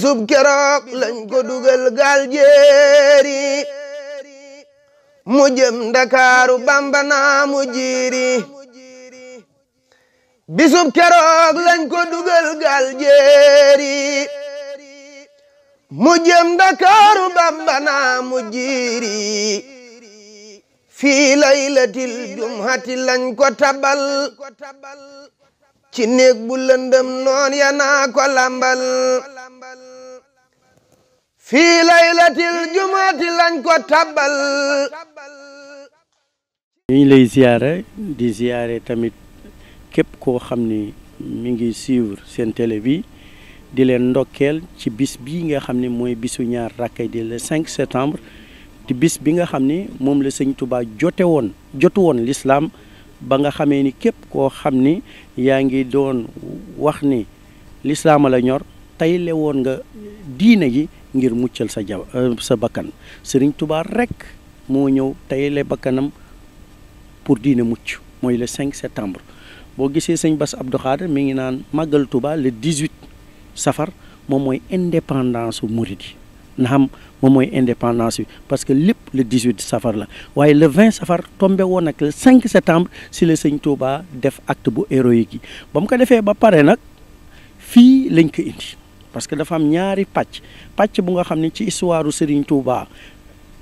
bisub keroog lañ ko dugal gaal jéeri mu jëm ndakaaru bamba lañ ko dugal jëm ndakaaru fii laylatil jumhati lañ ko tabal ci néeg bu lëndëm noon ya ko lambal fii laylatil jumaati lañ ko tabbal ñu ngi lay ziyaara di ziyaare tamit képp koo xam ni mi ngi suivre seen télé bi di leen ndokkeel ci bis bi nga xam ni mooy bisu ñaar rakkay di le 5 bis bi nga xam ni moom la sëñ Touba jote jotu woon lislaam ba nga xamee ni képp koo xam ni yaa ngi doon wax ni lislaama la ñor tey nga diine gi ngir muccal sa ja euh, sa bakkan Serigne Touba rek moo ñëw tayale bakkanam pour diine mucc mooy le cinq setembre boo gisee sëñ Bass Abdou Khadre mi ngi naan màggal Touba le 18 safar moom mooy indépendance bu murid yi na xam moom mooy indépendance bi parce que lépp le 18 safar la waaye le vingt safar tombe woon nag le 5 septembre si la sëñ Touba def act bu héroïque yi ba mu ko defee ba pare nag fii lañ ko indi. parce que dafa am ñaari pàcc pàcc bu nga xam ne ci histoire Serigne Touba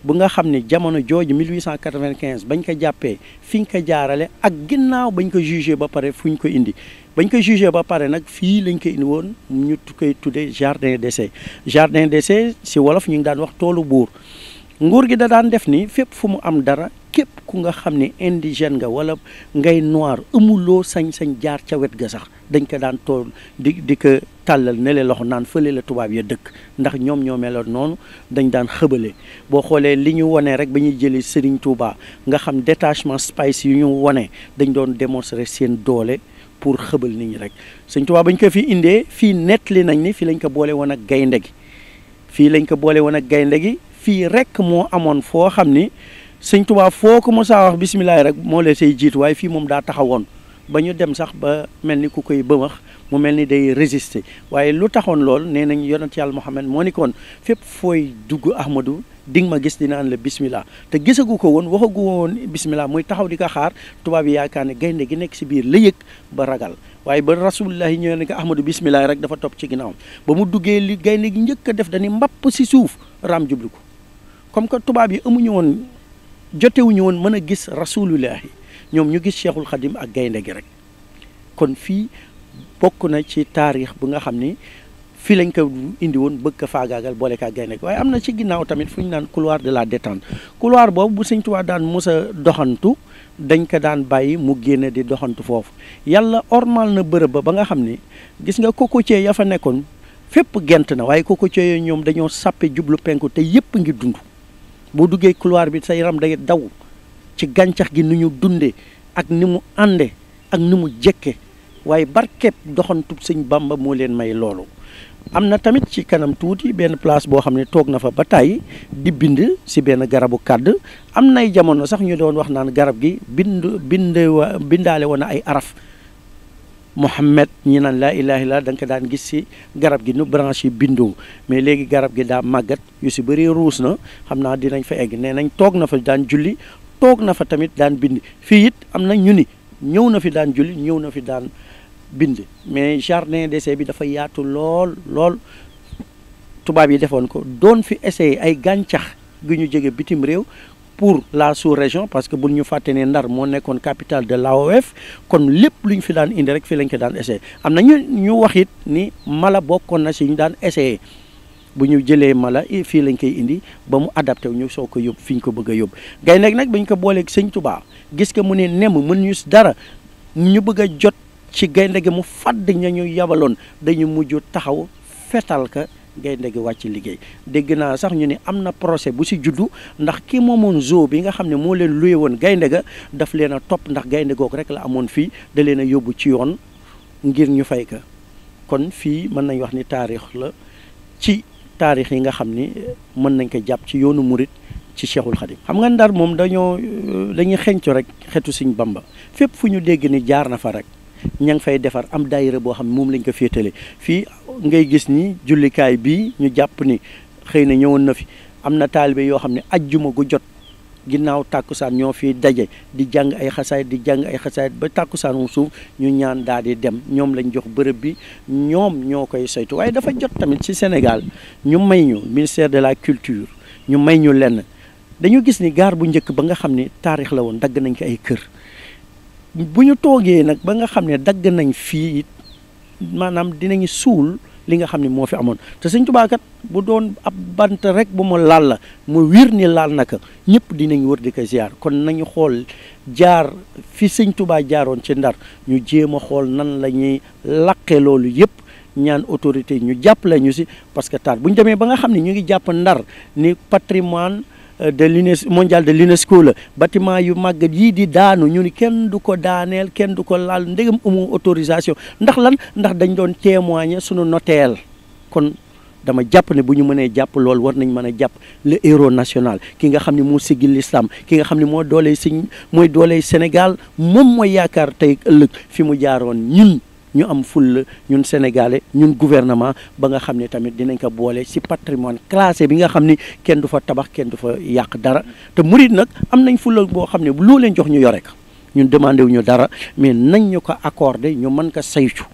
bu nga xam ne jamono jooju 1895 bañ ko jàppee fi ñu ko jaarale ak ginnaaw bañ ko jugé ba pare fu ñu ko indi bañ ko jugé ba pare nag fii lañ ko indi woon ñu koy tuddee jardin d'essai jardin d'essai si wolof ñu ngi daan wax toolu buur nguur gi da daan def ni fépp fu mu am dara képp ku nga xam ni indigène nga wala ngay noir amuloo sañ-sañ jaar ca wet ga sax dañ ko daan tool di di ko tàllal nele loxo naan fële la tubaab ya dëkk ndax ñoom ñoo meloon noonu dañ daan xëbale boo xoolee li ñu wone rek ba ñuy jëlee Serigne Touba nga xam détachement spice yu ñu wone dañ doon démontrer seen doole pour xëbal nit ñi rek Serigne Touba bañ ko fi indee fii nettali nañ ni fii lañ ko boole woon ak gaynde gi lañ ko boole woon ak gaynde gi fii rek moo amoon foo xam ni sëñ Tuubaa foo ko mos a wax bisimilah rek moo lee say jiitu waaye fii moom daa taxawoon ba ñu dem sax ba mel ni ku koy bëmax mu mel ni day résister waaye lu taxoon lool nee nañ yonent yàlla Muhammad moo ni koon fépp fooy dugg Ahmadu di nga ma gis dinaan la bismillah te gisagu ko woon waxagu woon bismillah muy taxaw di ko xaar tubaab yaakaar ne gaynde gi nekk si biir la yëg ba ragal waaye ba rasulullah yi ñëwee ne ko ahmadu bismillah rek dafa topp ci ginnaawam ba mu duggee li gaynde gi njëkk a def dañuy mbapp si suuf raam jublu ko comme que tubaab yi amuñu woon jotewuñu woon mën a gis rasulullahi ñoom ñu gis cheikhul xadim ak gaynde gi rek kon fii bokk na ci taarix bu nga xam ni fii lañ ko indi woon bëgg ko faagaagal boole kaa gaynde gi waaye am na ci ginnaaw tamit fu ñu naan couloir de la détente couloir boobu bu sëñ daan mos a doxantu dañ ko daan bàyyi mu génne di doxantu foofu yàlla ormal na bërëb ba ba nga xam ni gis nga cocotier ya fa nekkoon fépp gent na waaye cocotier yooyu ñoom dañoo sàppe jublu penku te yépp ngi boo duggee couloir bi sa yaram day daw ci gàncax gi ni ñu dunde ak ni mu àndee ak ni mu jekke waaye barkeb doxantub sëñ Bamba moo leen may loolu am na tamit ci kanam tuuti benn place boo xam ne toog na fa ba tàyyi di bind si benn garabu kàdd am nay jamono sax ñu doon wax naan garab gi bind bind bindaale woon na ay araf Mouhamed ñi naan laa ilaaha illa da nga ko daan gis si garab gi nu branche yi bindoo mais léegi garab gi daa màggat yu si bëri ruus na xam naa dinañ fa egg nee nañ toog na fa daan julli toog na fa tamit daan bind fii it am na ñu ni ñëw na fi daan julli ñëw na fi daan bind mais jardin d'essai bi dafa yaatu lool lool tubaab yi defoon ko doon fi essayé ay gàncax gi ñu jege bitim réew pour la sous-région parce que bu ñu fàtte ne Ndar moo nekkoon capital de l'AOF kon lépp lu ñu fi daan indi rek fi lañ ko daan essayé am na ñu ñu wax it ni mala bokkoon na si ñu daan essayé bu ñu jëlee mala fii lañ koy indi ba mu adapté wu ñu soo ko yóbbu fi ñu ko bëgg a yóbbu gay nag nag bu ñu ko booleeg sëñ Touba gis ko mu ne nem mën ñu dara ñu bëgg a jot ci gaynde gi mu fàdd ña ñu yabaloon dañu mujj taxaw fetal ka gaynde gi wàcc liggéey dégg naa sax ñu ne am na procès bu si juddu ndax ki moomoon zoo bi nga xam ne moo leen luye woon gaynde ga daf leen a topp ndax gaynde googu rek la amoon fii da leen a yóbbu ci yoon ngir ñu fay ka kon fii mën nañ wax ni taarix la ci taarix yi nga xam ni mën nañ ko jàpp ci yoonu murit ci Cheikhul Khadim xam nga ndar moom dañoo euh, dañuy xencu rek xetu Sëñ Bamba fépp fu ñu dégg ni jaar na fa rek ña ngi fay defar am dayre boo xam ne moom lañ ko féetale fii ngay gis ni jullikaay bi ñu jàpp ni xëy na ñëwoon na fi am na taalibe yoo xam ne ajjuma gu jot ginnaaw tàkkusaan ñoo fi daje di jàng ay xasaayit di jàng ay xasaayit ba tàkkusaan wu suuf ñu ñaan daal di dem ñoom lañ jox bërëb bi ñoom ñoo koy saytu waaye dafa jot tamit ci Sénégal ñu may ñu ministère de la culture ñu may ñu lenn dañu gis ni gaar bu njëkk ba nga xam ne taarix la woon dagg nañ ko ay kër bu ñu toogee nag ba nga xam ne dagg nañ fii maanaam dinañu suul li nga xam ne moo fi amoon te Sëñ Tuubaa bu doon ab bant rek bu mu laal la mu wiir ni laal nag ñëpp dinañ wër di ko ziar kon nañu xool jaar fi Sëñ Tuubaa jaaroon ci Ndar ñu jéem a xool nan la ñuy laqe loolu yëpp ñaan autorité ñu jàppale ñu si parce que taar bu ñu demee ba nga xam ne ñu ngi jàpp Ndar ni patrimoine de l'UNESCO mondial de l'UNESCO la bâtiment yu màggat yii di daanu ñu ni kenn du ko daaneel kenn du ko laal ndegam amoo autorisation ndax lan ndax dañ doon témoigner sunu noteel kon dama jàpp ne bu ñu mënee jàpp lool war nañ mën a jàpp le héros national ki nga xam ni moo sigil l'islam ki nga xam ni moo dooley si mooy dooley Sénégal moom mooy yaakaar tey ëllëg fi mu jaaroon ñun ñu am fulla ñun sénégalais ñun gouvernement ba nga xam ne tamit dinañ ko boole si patrimoine classé bi nga xam ni kenn du fa tabax kenn du fa yàq dara te murid nag am nañ fulla boo xam ne loo leen jox ñu yore ko ñun demandé wu dara mais nañ ñu ko accordé ñu mën ko saytu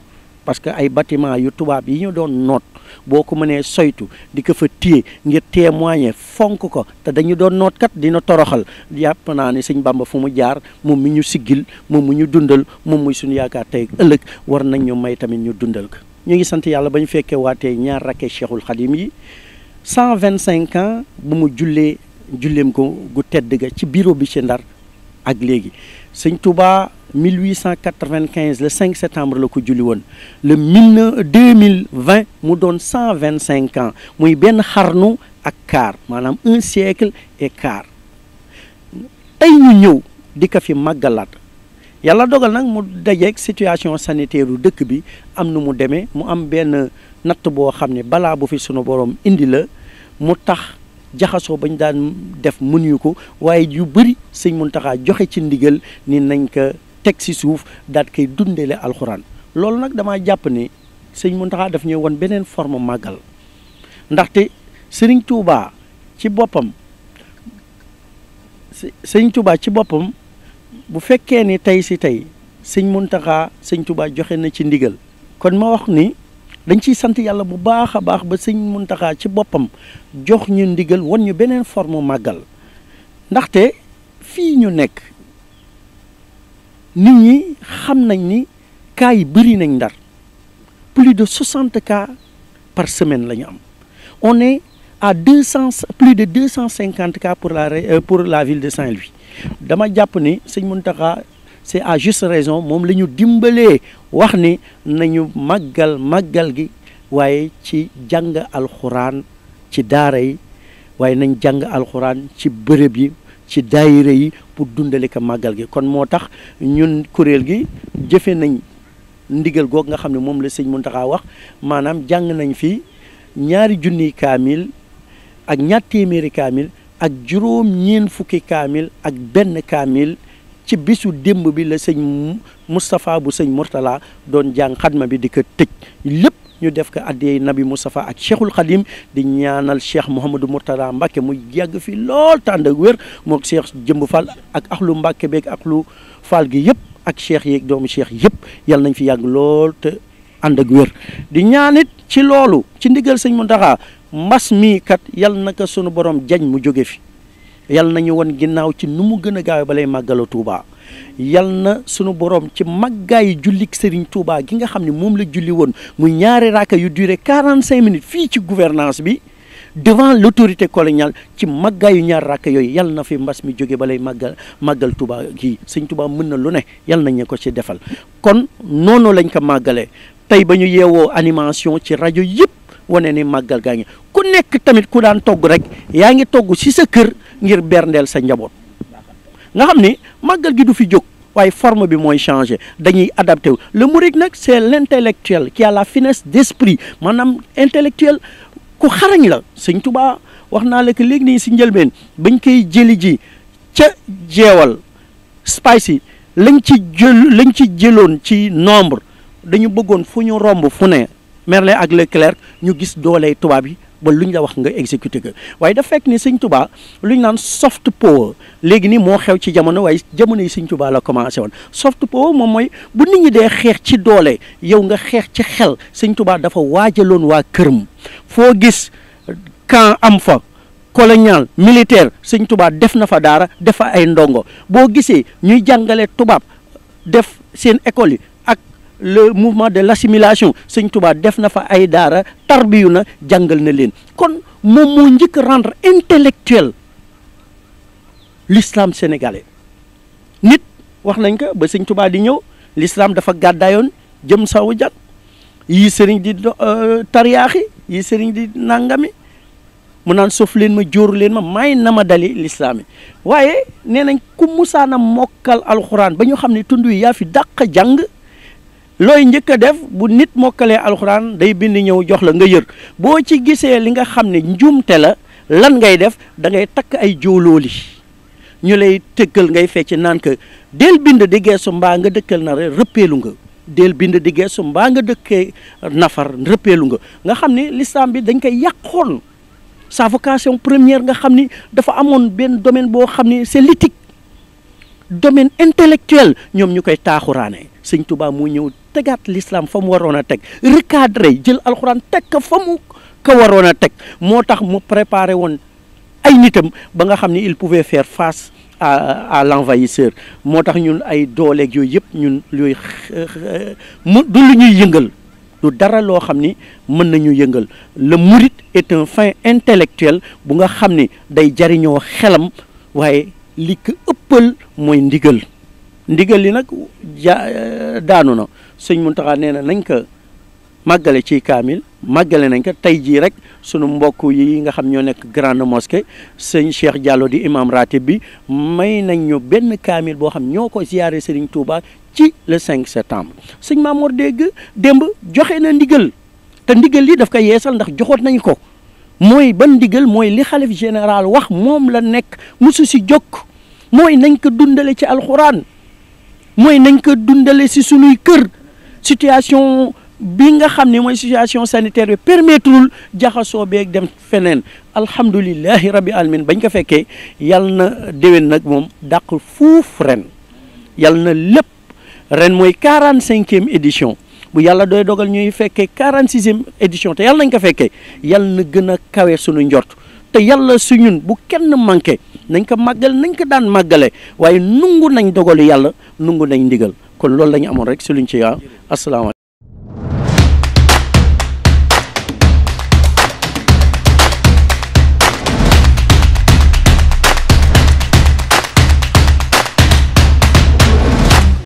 parce que ay bâtiment yu tubaab yi ñu doon noot boo ko mënee soytu di ko fa téye ngir témoigner fonk ko te dañu doon noot kat dina toroxal yàpp naa ne sëñ mbamba fu mu jaar moom mi ñu siggil moom mu ñu dundal moom muy suñu yaakaar tey ëllëg war nañ ñu may tamit ñu dundal ko ñu ngi sant yàlla ba ñu fekkee waatee ñaar rakke Cheikhul Khadim yi cent vingt cinq ans bu mu jullee julleem ko gu tedd ga ci bureau bi ci Ndar ak léegi sëñ Touba 1895 le 5 septembre la ko julli woon le mille deux mille vingt mu doon cent vingt cinq ans muy benn xarnu ak quart maanaam un siècle et quart tey ñu ñëw di ko fi màggalaat yàlla dogal nag mu dajeeg situation sanitaire u dëkk bi am nu mu demee mu am benn natt boo xam ne balaa bu fi sunu borom indi la mu tax. jaxasoo bañ daan def mënuñu ko waaye yu bari sëñ Muntaxa joxe ci ndigal ni nañ ko teg si suuf daat koy dundele alxuraan loolu nag damaa jàpp ni sëñ Muntaxa daf ñuy won beneen forme màggal ndaxte sëriñ Tuubaa ci boppam sëñ Tuubaa ci boppam bu fekkee ni tey si tey sëñ Muntaxa sëñ Tuubaa joxe na ci ndigal kon ma wax ni dañ ciy sant yàlla bu baax a baax ba sëñ Muntaxa ci boppam jox ñu ndigal wan ñu beneen form màggal ndaxte fii ñu nekk nit ñi xam nañ ni cas yi bëri nañ ndar plus de soixante cas par semaine la ñu am on est à deux cent plus de deux cent cinquante cas pour la euh, pour la ville de Saint-Louis dama jàpp ni sëñ Muntaxa c'est à juste raison moom la ñu dimbalee wax ni nañu màggal màggal gi waaye ci jàng alxuraan ci daara yi waaye nañ jàng alxuraan ci bërëb yi ci daayira yi pour dundale ko màggal gi kon moo tax ñun kuréel gi jëfe nañ ndigal goog nga xam ne moom la sëñ Muntaxa wax maanaam jàng nañ fi ñaari junniy kaamil ak ñaar téeméeri kaamil ak juróom ñeen fukki kaamil ak benn kaamil ci bisu démb bi la sëñ Moustapha bu sëñ Mourtala doon jàng xadma bi di ko tëj lépp ñu def ko addee nabi Moustapha ak cheikhul xadim di ñaanal cheikh Mouhamadou Mourtala Mbacke mu yàgg fi lool tànd ak wér moog cheikh jëmb Fall ak ak axlu Mbacke beeg lu Fall gi yëpp ak cheikh yeeg doomu cheikh yëpp yàlla nañ fi yàgg lool te ànd ak wér di ñaanit ci loolu ci ndigal sëñ Mountakha mbas mii kat yàlla naka sunu borom jañ mu jóge fi. yal nañu woon ginnaaw ci nu mu gën a gaawe balay màggalu Touba yal na sunu borom ci màggaayu julli Serigne Touba gi nga xam ne moom la julli woon muy ñaari raaka yu duré quarante cinq minutes fii ci gouvernance bi devant l' autorité coloniale ci màggaayu ñaar rakk yooyu yal na fi mbas mi jóge balay màggal màggal Touba gii sëñ Touba mën na lu ne yal nañ ñu ko ci defal kon noonu lañ ko màggalee tey ba ñu yeewoo animation ci rajo yëpp. wane ni màggal gaa ngi ku nekk tamit ku daan togg rek yaa ngi togg si sa kër ngir berndeel sa njaboot nga xam ni màggal gi du fi jóg waaye forme bi mooy changé dañuy adapté wu le mouride nag c'est l'intellectuel ki a la finesse d'esprit maanaam intellectuel ku xarañ la sëñ Tuubaa wax naa la que léegi nii ci njëlbeen bañ koy jëli ji ca jeewal spice yi lañ ci jël lañ ci jëloon ci nombre dañu bëggoon fu ñu romb fu ne Merlin ak Leclerc ñu gis dooley tubaab yi ba lu ñu la wax nga exécuté ko waaye dafa fekk ni sëñ lu ñu naan soft power léegi nii moo xew ci jamono waaye jamono yi suñ Touba la commencé woon soft power moom mooy bu nit ñi dee xeex ci doole yow nga xeex ci xel sëñ Touba dafa waajaloon waa këram foo gis camp am fa. colonial militaire sëñ Touba def na fa daara def ay ndongo boo gisee ñuy jàngale tubaab def seen école yi le mouvement de l'assimilation sëñ Touba def na fa ay daara tarbiyu na jàngal na leen kon moom moo njëkk rendre intellectuel l'islam sénégalais nit wax nañ ko ba sëñ Touba di ñëw l'islam dafa gàddaayoon jëm sawu jat yii sëriñ di euh, tariyaaxi yii sëriñ di nangami mu naan suuf leen ma jóoru leen ma may na ma dali lislaam yi waaye nee nañ ku musaana mokkal alxuraan ba ñu xam ne tund wi yaa fi dàq jàng looy njëkk a def bu nit mokkalee alxuraan day bind ñëw jox la nga yër boo ci gisee li nga xam ne njuumte la lan ngay def da ngay takk ay jóolooli ñu lay tëggal ngay fecc naan que del bind di geesu mbaa nga dëkkal na rëppeelu nga del bind di geesu mbaa nga dëkkee nafar rëppeelu nga nga xam ne l'islam bi dañ koy yàqoon sa vocation première nga xam ni dafa amoon benn domaine boo xam ne c'est l'éthique domaine intellectuel ñoom ñu koy taaxuraane sëñ Tuubaa mu ñëw tegaat l'islam fa mu waroon a teg recadré jël alxuraan teg ko fa mu ko waroon a teg moo tax mu préparer woon ay nitam ba nga xam ni il pouvait faire face à à moo tax ñun ay dooleeg yooyu yëpp ñun yooyu mu du lu ñuy yëngal du dara loo xam ni mën nañu yëngal le mouride est un fin intellectuel bu nga xam ni day jariñoo xelam waaye li ko ëppal mooy ndigal ndigal li nag ja eh, daanu na sëñ Muntaxa nee na nañ ko màggale ci kaamil màggale nañ ko tey jii rek sunu mbokk yi nga xam ñoo nekk grande mosquée sëñ Cheikh Diallo di imam ratib bi may nañ ñu benn kaamil boo xam ñoo ko ziyaare Serigne Touba ci le cinq septembre sëñ Mamour dégg démb joxe na ndigal te ndigal li daf ko yeesal ndax joxoot nañ ko mooy ban ndigal mooy li xalif général wax moom la nekk musu si jokk mooy nañ ko dundale ci alxuraan mooy nañ ko dundale si sunuy kër situation bi nga xam ne mooy situation sanitaire bi permettrewul jaxasoo beeg dem feneen alhamdulilahi rabbi alamin bañ ko fekkee yal na déwén nag moom dàq fuuf ren yal na lépp ren mooy quarante cinquième édition bu yàlla doy dogal ñuy fekkee quarante sixième édition te yàlla nañ ko fekkee yàlla na gën a kawe suñu njort te yalla su ñun bu kenn manqué nañ ko màggal nañ ko daan màggale waaye nungu nañ dogalu yàlla nungu nañ ndigal kon loolu la ñu amoon rek si luñ ci yaa